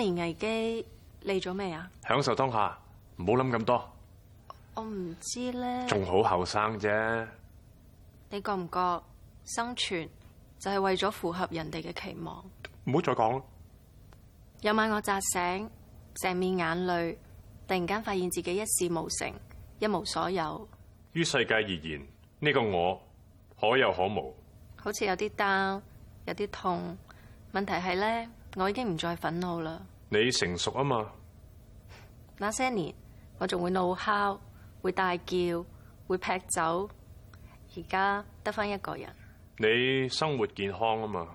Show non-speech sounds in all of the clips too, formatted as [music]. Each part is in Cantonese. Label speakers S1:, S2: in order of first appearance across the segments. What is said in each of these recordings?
S1: 年危機嚟咗未啊？
S2: 享受當下，唔好諗咁多。
S1: 我唔知咧。仲好後生啫。你覺唔覺生存就係為咗符合人哋嘅期望？
S2: 唔好再講啦。
S1: 有晚我扎醒，成面眼淚，突然間發現自己一事無成，一無所有。
S2: 於世界而言，呢個我可有可無。
S1: 好似有啲擔，有啲痛。問題係咧。我已經唔再憤怒啦。
S2: 你成熟啊嘛。
S1: 那些年，我仲會怒吼，會大叫，會劈酒。而家得返一個人。
S2: 你生活健康啊嘛。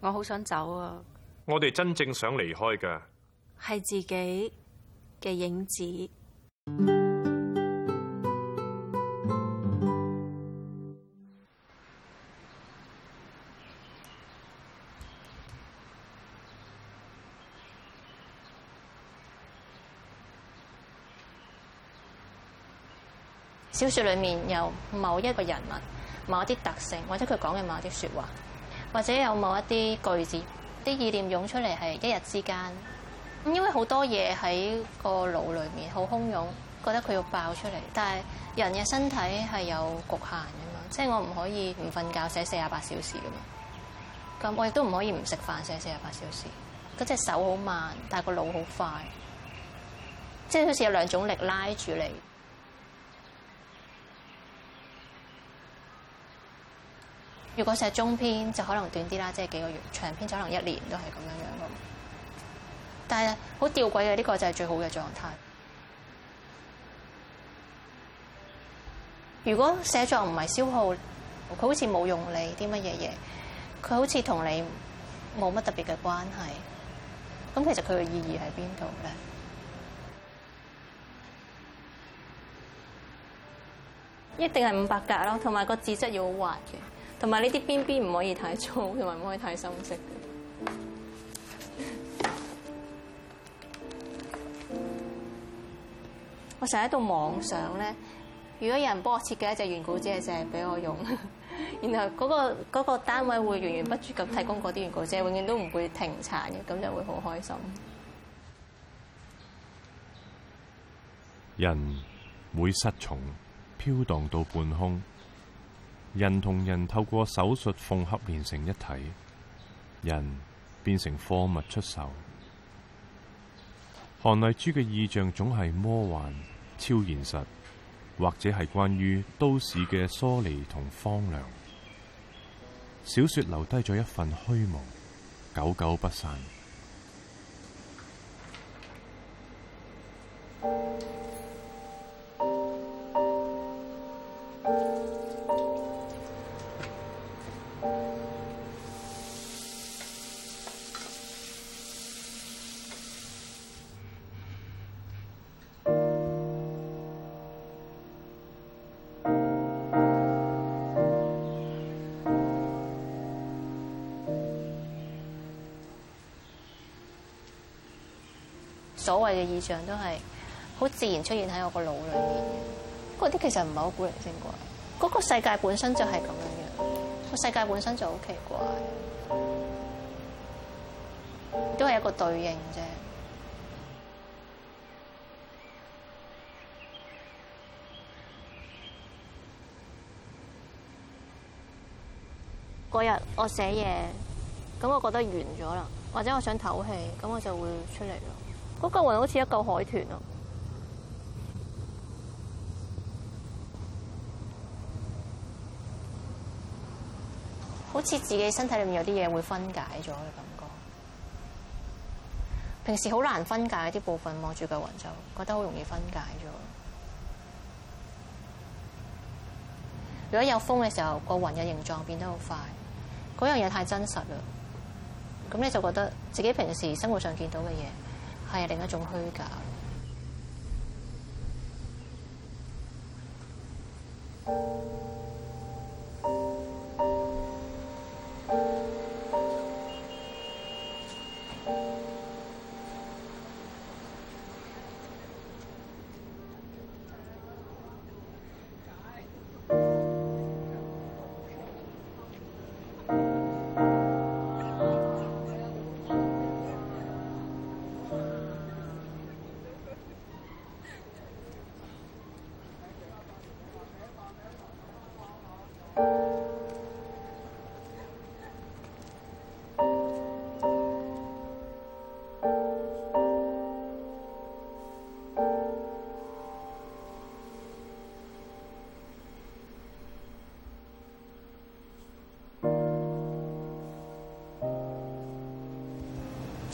S1: 我好想走啊。
S2: 我哋真正想離開嘅
S1: 係自己嘅影子。嗯
S3: 小説裡面有某一個人物、某一啲特性，或者佢講嘅某一啲説話，或者有某一啲句子、啲意念湧出嚟係一日之間。因為好多嘢喺個腦裡面好洶湧，覺得佢要爆出嚟。但係人嘅身體係有局限㗎嘛，即係我唔可以唔瞓覺寫四十八小時㗎嘛。咁我亦都唔可以唔食飯寫四十八小時。嗰隻手好慢，但係個腦好快，即係好似有兩種力拉住你。如果寫中篇就可能短啲啦，即係幾個月；長篇就可能一年，都係咁樣樣咁。但係好吊詭嘅呢個就係最好嘅狀態。如果寫作唔係消耗，佢好似冇用你啲乜嘢嘢，佢好似同你冇乜特別嘅關係。咁其實佢嘅意義喺邊度咧？一定係五百格咯，同埋個紙質要好滑嘅。同埋呢啲邊邊唔可以太粗，同埋唔可以太深色。我成日喺度妄想咧，如果有人幫我設計一隻原稿紙，淨係俾我用，然後嗰個嗰個單位會源源不絕咁提供嗰啲原稿紙，永遠都唔會停產嘅，咁就會好開心。
S2: 人會失重，飄蕩到半空。人同人透過手術縫合連成一體，人變成貨物出售。韓麗珠嘅意象總係魔幻超現實，或者係關於都市嘅疏離同荒涼。小說留低咗一份虛無，久久不散。
S3: 嘅意象都係好自然出現喺我個腦裏面，嗰啲其實唔係好古靈精怪，嗰個世界本身就係咁樣樣，個世界本身就好奇怪，都係一個對應啫。嗰日我寫嘢，咁我覺得完咗啦，或者我想唞氣，咁我就會出嚟咯。嗰個雲好似一嚿海豚啊，好似自己身體裏面有啲嘢會分解咗嘅感覺。平時好難分解啲部分，望住個雲就覺得好容易分解咗。如果有風嘅時候，個雲嘅形狀變得好快，嗰樣嘢太真實啦。咁你就覺得自己平時生活上見到嘅嘢，係另一種虛假。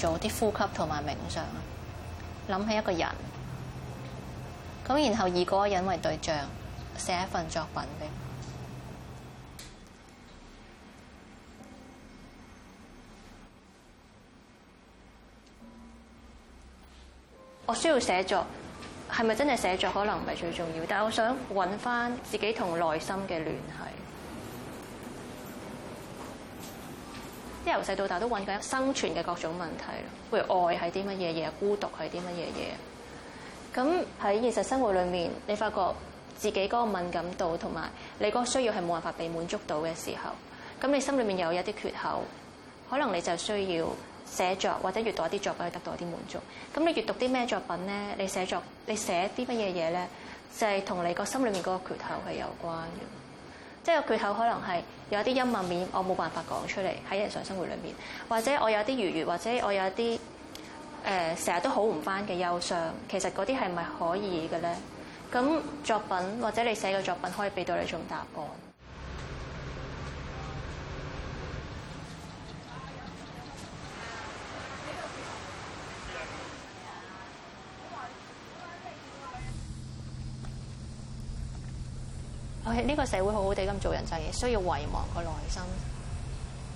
S3: 做啲呼吸同埋冥想，諗起一個人，咁然後以嗰個人為對象寫一份作品畀。我需要寫作，係咪真係寫作可能唔係最重要？但係我想揾翻自己同內心嘅聯繫。由細到大都揾緊生存嘅各種問題咯，譬如愛係啲乜嘢嘢，孤獨係啲乜嘢嘢。咁喺現實生活裏面，你發覺自己嗰個敏感度同埋你個需要係冇辦法被滿足到嘅時候，咁你心裏面有一啲缺口，可能你就需要寫作或者閱讀一啲作品去得到一啲滿足。咁你閱讀啲咩作品咧？你寫作你寫啲乜嘢嘢咧？就係同你個心裏面嗰個缺口係有關嘅。即係個句頭可能係有啲陰暗面，我冇辦法講出嚟喺日常生活裏面，或者我有啲愉悅，或者我有啲誒成日都好唔翻嘅憂傷，其實嗰啲係咪可以嘅咧？咁作品或者你寫嘅作品可以俾到你一種答案。喺呢個社會好好地咁做人，就係需要遺忘個內心，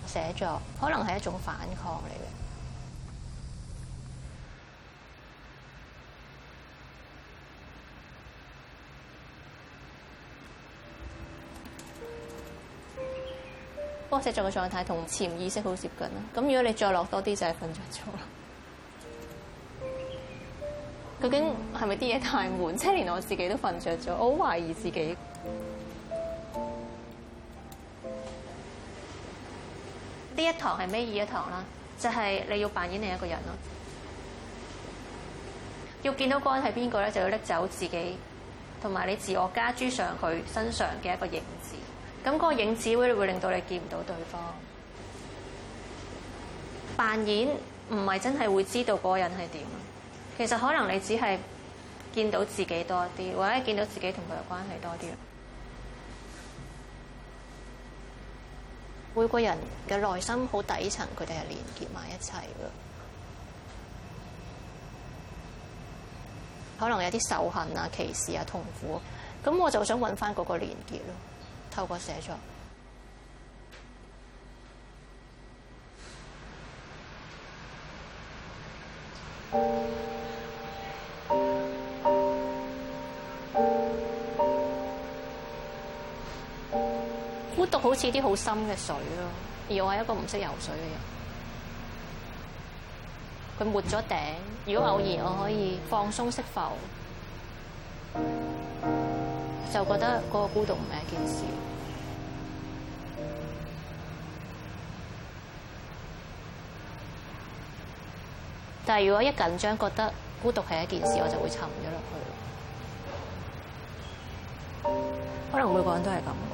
S3: 寫作，可能係一種反抗嚟嘅。不過寫作嘅狀態同潛意識好接近啦。咁如果你再落多啲，就係瞓着咗啦。究竟係咪啲嘢太悶？即係連我自己都瞓着咗，我好懷疑自己。呢一堂係咩意一堂啦？就係你要扮演另一個人咯。要見到嗰個人係邊個咧，就要拎走自己同埋你自我加諸上佢身上嘅一個影子。咁嗰個影子會會令到你見唔到對方。扮演唔係真係會知道嗰個人係點。其實可能你只係見到自己多啲，或者見到自己同佢嘅關係多啲。每個人嘅內心好底層，佢哋係連結埋一齊嘅，可能有啲仇恨啊、歧視啊、痛苦，咁我就想搵翻嗰個連結咯，透過寫作。 [music] 孤獨好似啲好深嘅水咯，而我係一個唔識游水嘅人。佢沒咗頂，如果偶然我可以放鬆識浮，就覺得嗰個孤獨唔係一件事。但係如果一緊張，覺得孤獨係一件事，我就會沉咗落去。可能每個人都係咁。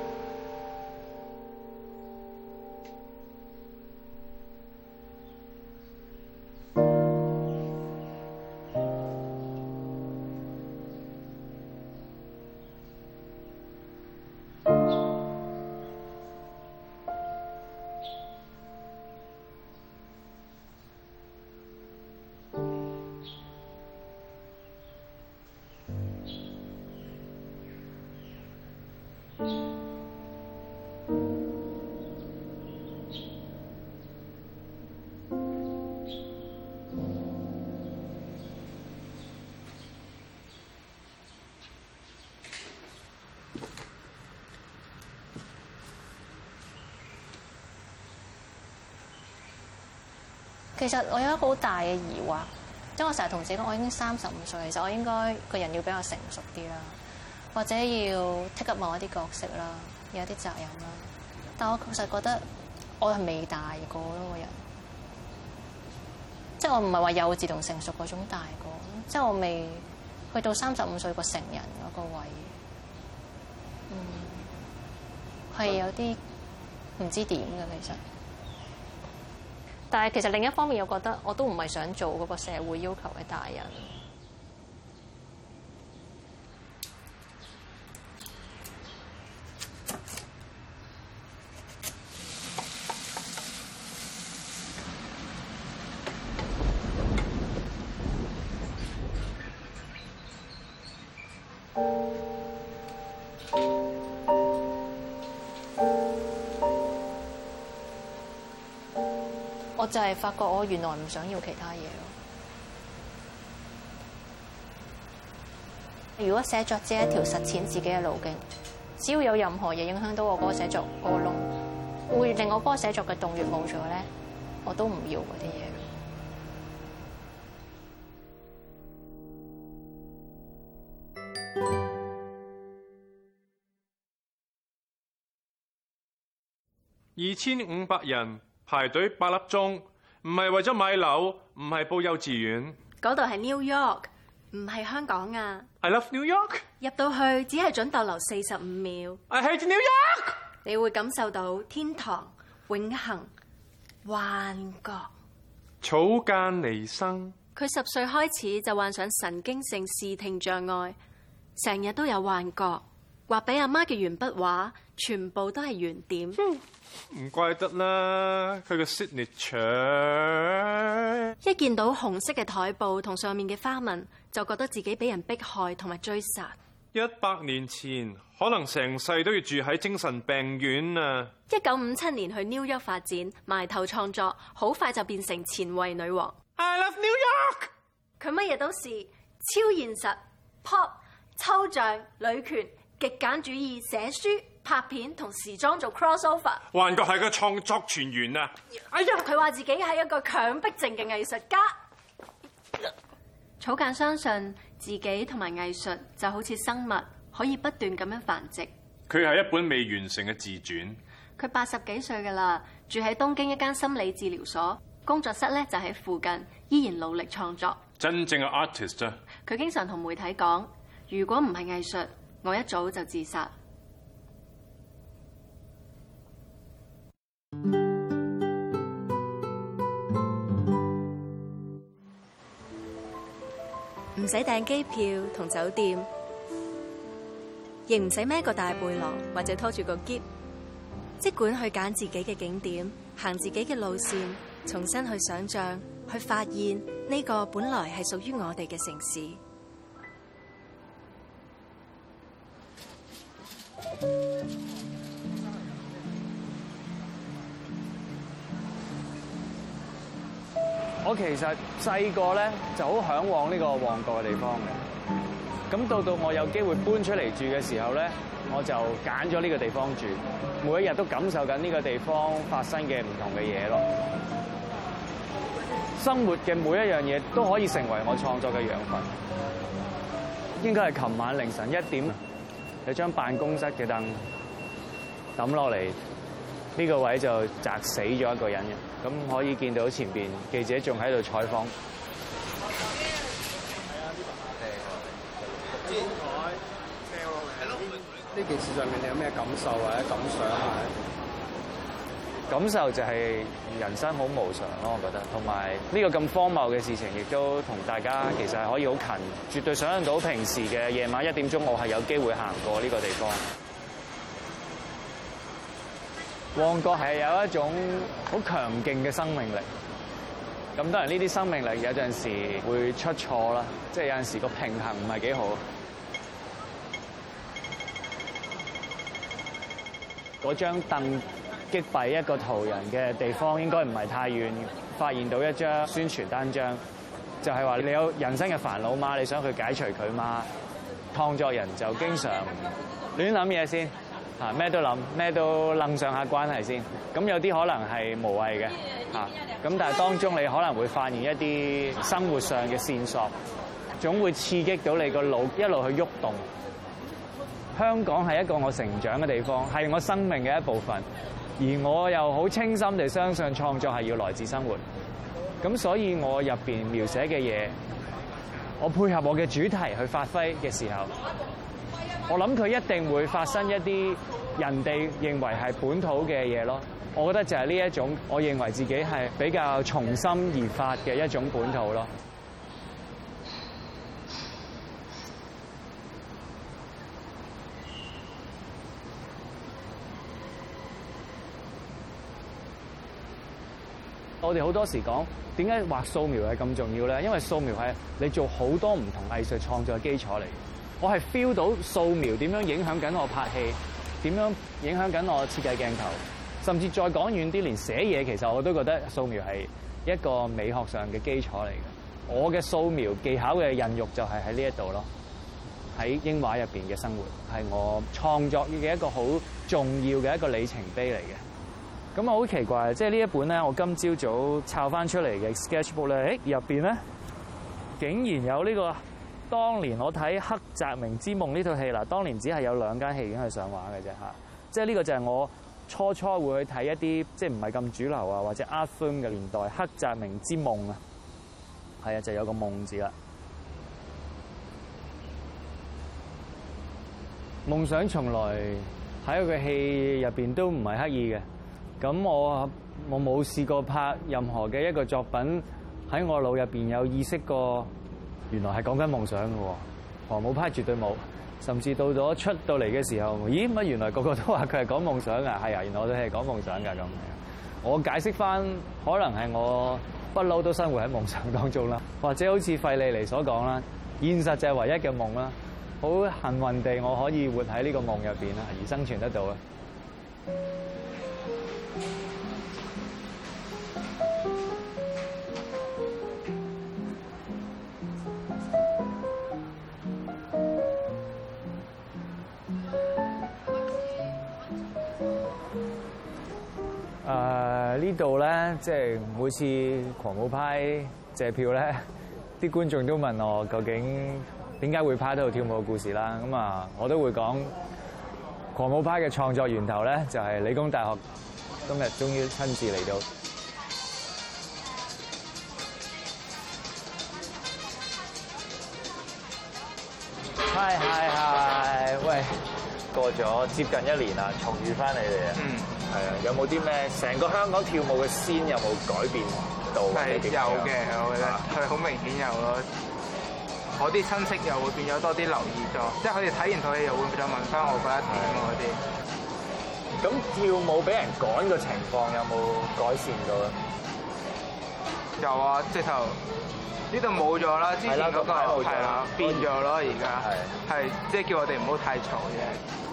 S3: 其實我有一個好大嘅疑惑，因為我成日同自己講，我已經三十五歲，其實我應該個人要比較成熟啲啦，或者要剔 a 某一啲角色啦，有一啲責任啦。但我確實覺得我係未大過咯，個人，即係我唔係話幼稚同成熟嗰種大過，即係我，我未去到三十五歲個成人嗰個位，係有啲唔知點嘅其實。但係，其實另一方面又覺得，我都唔係想做嗰個社會要求嘅大人。就係、是、發覺我原來唔想要其他嘢咯。如果寫作只係一條實踐自己嘅路徑，只要有任何嘢影響到我個寫作個窿，會令我個寫作嘅洞穴冇咗咧，我都唔要嗰啲嘢。二千
S2: 五百人。排隊八粒鐘，唔係為咗買樓，唔係報幼稚園。嗰
S1: 度係 New York，唔係香港啊
S2: ！I love New York。
S1: 入到去只係准逗留四十五秒。I hate New York。你會感受到天堂、永恒、幻覺、
S2: 草間彌生。
S1: 佢十歲開始就患上神經性視聽障礙，成日都有幻覺。畫俾阿媽嘅鉛筆畫，全部都係圓點，唔
S2: 怪得啦。佢嘅 signature
S1: 一見到紅色嘅台布同上面嘅花紋，就覺得自己俾人迫害同埋追殺。
S2: 一百年前可能成世都要住喺精神病院啊！
S1: 一九五七年去 New York 發展，埋頭創作，好快就變成前衛女王。I love New York。佢乜嘢都是超現實、pop 抽象、女權。極簡主義、寫書、拍片同時裝做 crossover，
S2: 幻覺係個創作泉源啊！
S1: 哎呀，佢話自己係一個強迫症嘅藝術家。草間相信自己同埋藝術就好似生物，可以不斷咁樣繁殖。
S2: 佢係一本未完成嘅自傳。
S1: 佢八十幾歲噶啦，住喺東京一間心理治療所，工作室咧就喺附近，依然努力創作。
S2: 真正嘅 artist 啊！
S1: 佢經常同媒體講，如果唔係藝術。我一早就自殺，唔使訂機票同酒店，亦唔使孭個大背囊或者拖住個篋。即管去揀自己嘅景點，行自己嘅路線，重新去想象，去發現呢個本來係屬於我哋嘅城市。
S4: 我其實細個咧就好向往呢個旺角嘅地方嘅，咁到到我有機會搬出嚟住嘅時候咧，我就揀咗呢個地方住，每一日都感受緊呢個地方發生嘅唔同嘅嘢咯。生活嘅每一樣嘢都可以成為我創作嘅養分。應該係琴晚凌晨一點。有張辦公室嘅凳抌落嚟，呢、呢個位就砸死咗一個人嘅。咁可以見到前面記者仲喺度採訪。係啊，呢度係。呢 [noise] 件事上面你有咩感受或者感想？感受就係人生好無常咯，我覺得。同埋呢個咁荒謬嘅事情，亦都同大家其實係可以好近，絕對想象到平時嘅夜晚一點鐘，我係有機會行過呢個地方。旺角係有一種好強勁嘅生命力。咁當然呢啲生命力有陣時會出錯啦，即係有陣時個平衡唔係幾好。嗰張凳。擊敗一個途人嘅地方應該唔係太遠，發現到一張宣傳單張，就係話你有人生嘅煩惱嗎？你想去解除佢嗎？創作人就經常亂諗嘢先，嚇咩都諗，咩都楞上下關係先。咁有啲可能係無謂嘅，嚇。咁但係當中你可能會發現一啲生活上嘅線索，總會刺激到你個腦一路去喐動。香港係一個我成長嘅地方，係我生命嘅一部分。而我又好清心地相信創作係要來自生活，咁所以我入邊描寫嘅嘢，我配合我嘅主題去發揮嘅時候，我諗佢一定會發生一啲人哋認為係本土嘅嘢咯。我覺得就係呢一種，我認為自己係比較從心而發嘅一種本土咯。我哋好多時講點解畫素描係咁重要咧？因為素描係你做好多唔同藝術創作嘅基礎嚟。我係 feel 到素描點樣影響緊我拍戲，點樣影響緊我設計鏡頭，甚至再講遠啲，連寫嘢其實我都覺得素描係一個美學上嘅基礎嚟嘅。我嘅素描技巧嘅孕育就係喺呢一度咯。喺英華入面嘅生活係我創作嘅一個好重要嘅一個里程碑嚟嘅。咁啊，好奇怪！即係呢一本咧，我今朝早抄翻出嚟嘅 sketchbook 咧，誒入面咧，竟然有呢、呢個當年我睇《黑澤明之夢》呢套戲啦。當年只係有兩間戲院去已經上畫嘅啫吓。即係呢個就係我初初會去睇一啲，即係唔係咁主流啊，或者 art film 嘅年代《黑澤明之夢》啊，係啊，就有個夢字啦。夢想從來喺佢嘅戲入面都唔係刻意嘅。咁我我冇試過拍任何嘅一個作品喺我腦入邊有意識過，原來係講緊夢想嘅喎，我冇拍，絕對冇。甚至到咗出到嚟嘅時候，咦？乜原來個個都話佢係講夢想啊？係啊，原來我哋係講夢想㗎咁。我解釋翻，可能係我不嬲都生活喺夢想當中啦，或者好似費利尼所講啦，現實就係唯一嘅夢啦。好幸運地，我可以活喺呢個夢入邊，啦，而生存得到啦。呢度咧，即係每次狂舞派借票咧，啲觀眾都問我究竟點解會趴喺度跳舞嘅故事啦。咁啊，我都會講狂舞派嘅創作源頭咧，就係理工大學。今日終於親自嚟到。
S5: 係係係！喂，
S4: 過咗接近一年啦，重遇翻你哋啊。係啊，有冇啲咩？成個香港跳舞嘅先有冇改變到？係有嘅，我覺得係好明，明顯有咯。我啲親戚又會變咗多啲留意咗，即係佢哋睇完套戲又會再問翻我嗰一天嗰啲。咁跳舞俾人趕嘅情況有冇改善到咧？有啊，直頭呢度冇咗啦，之前嗰、嗰個係啦，變咗咯，而家係即係叫我哋唔好太嘈嘅。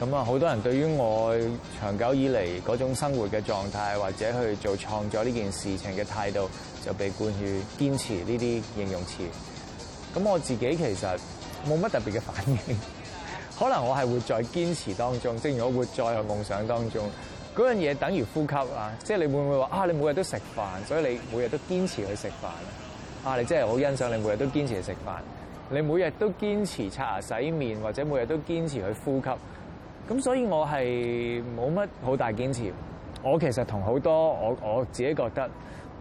S4: 咁啊！好多人對於我長久以嚟嗰種生活嘅狀態，或者去做創作呢件事情嘅態度，就被冠以堅持呢啲形容詞。咁我自己其實冇乜特別嘅反應，可能我係活在堅持當中，正如我活在夢想當中。嗰樣嘢等於呼吸啊！即係你會唔會話啊？你每日都食飯，所以你每日都堅持去食飯啊？你真係好欣賞你每日都堅持去食飯。你每日都堅持刷牙洗面，或者每日都堅持去呼吸。咁所以我係冇乜好大堅持。我其實同好多我我自己覺得，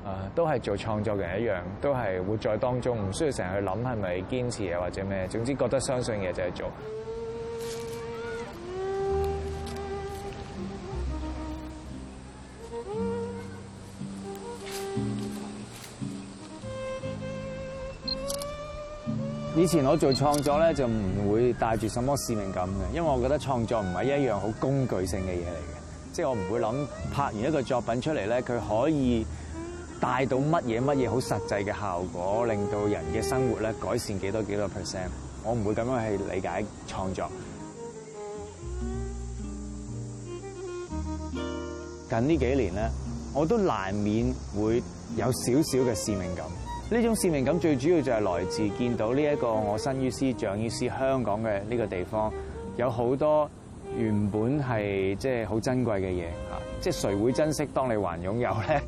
S4: 啊，都係做創作人一樣，都係活在當中，唔需要成日去諗係咪堅持呀或者咩。總之覺得相信嘢就係做。以前我做創作咧就唔會帶住什麼使命感嘅，因為我覺得創作唔係一樣好工具性嘅嘢嚟嘅，即係我唔會諗拍完一個作品出嚟咧，佢可以帶到乜嘢乜嘢好實際嘅效果，令到人嘅生活咧改善幾多幾多 percent，我唔會咁樣去理解創作。近呢幾年咧，我都難免會有少少嘅使命感。呢種使命感最主要就係來自見到呢一個我生於斯長於斯香港嘅呢個地方，有好多原本係即係好珍貴嘅嘢吓，即係誰會珍惜當你還擁有咧？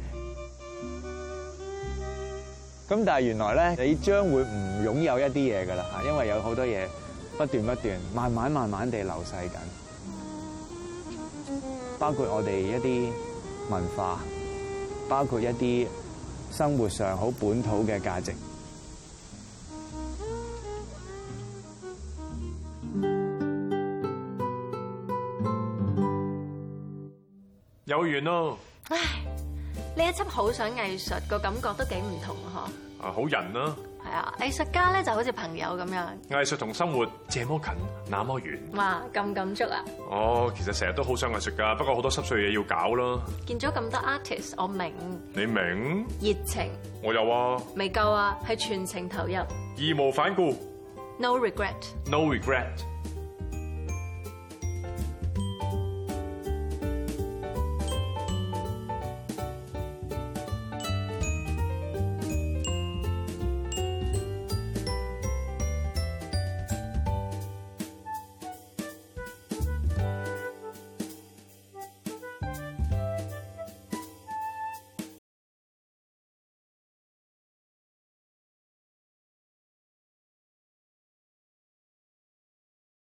S4: 咁但係原來咧，你將會唔擁有一啲嘢㗎喇吓，因為有好多嘢不斷不斷、慢慢慢慢地流逝緊，包括我哋一啲文化，包括一啲。生活上好本土嘅價值，
S2: 有緣咯。
S1: 唉，呢一輯好想藝術個感覺都幾唔同啊！嗬，
S2: 啊好人啊！
S1: 係啊，藝術家咧就好似朋友咁樣。
S2: 藝術同生活這麼近，那麼遠。
S1: 哇，咁感觸啊！哦
S2: ，oh，其實成日都好想藝術㗎，不過好多濕碎嘢要搞啦。
S1: 見咗咁多 artist，我明。
S2: 你明？
S1: 熱情我沒。
S2: 我有啊。
S1: 未夠啊，係全情投入。
S2: 義無反顧。
S1: No regret.
S2: No regret.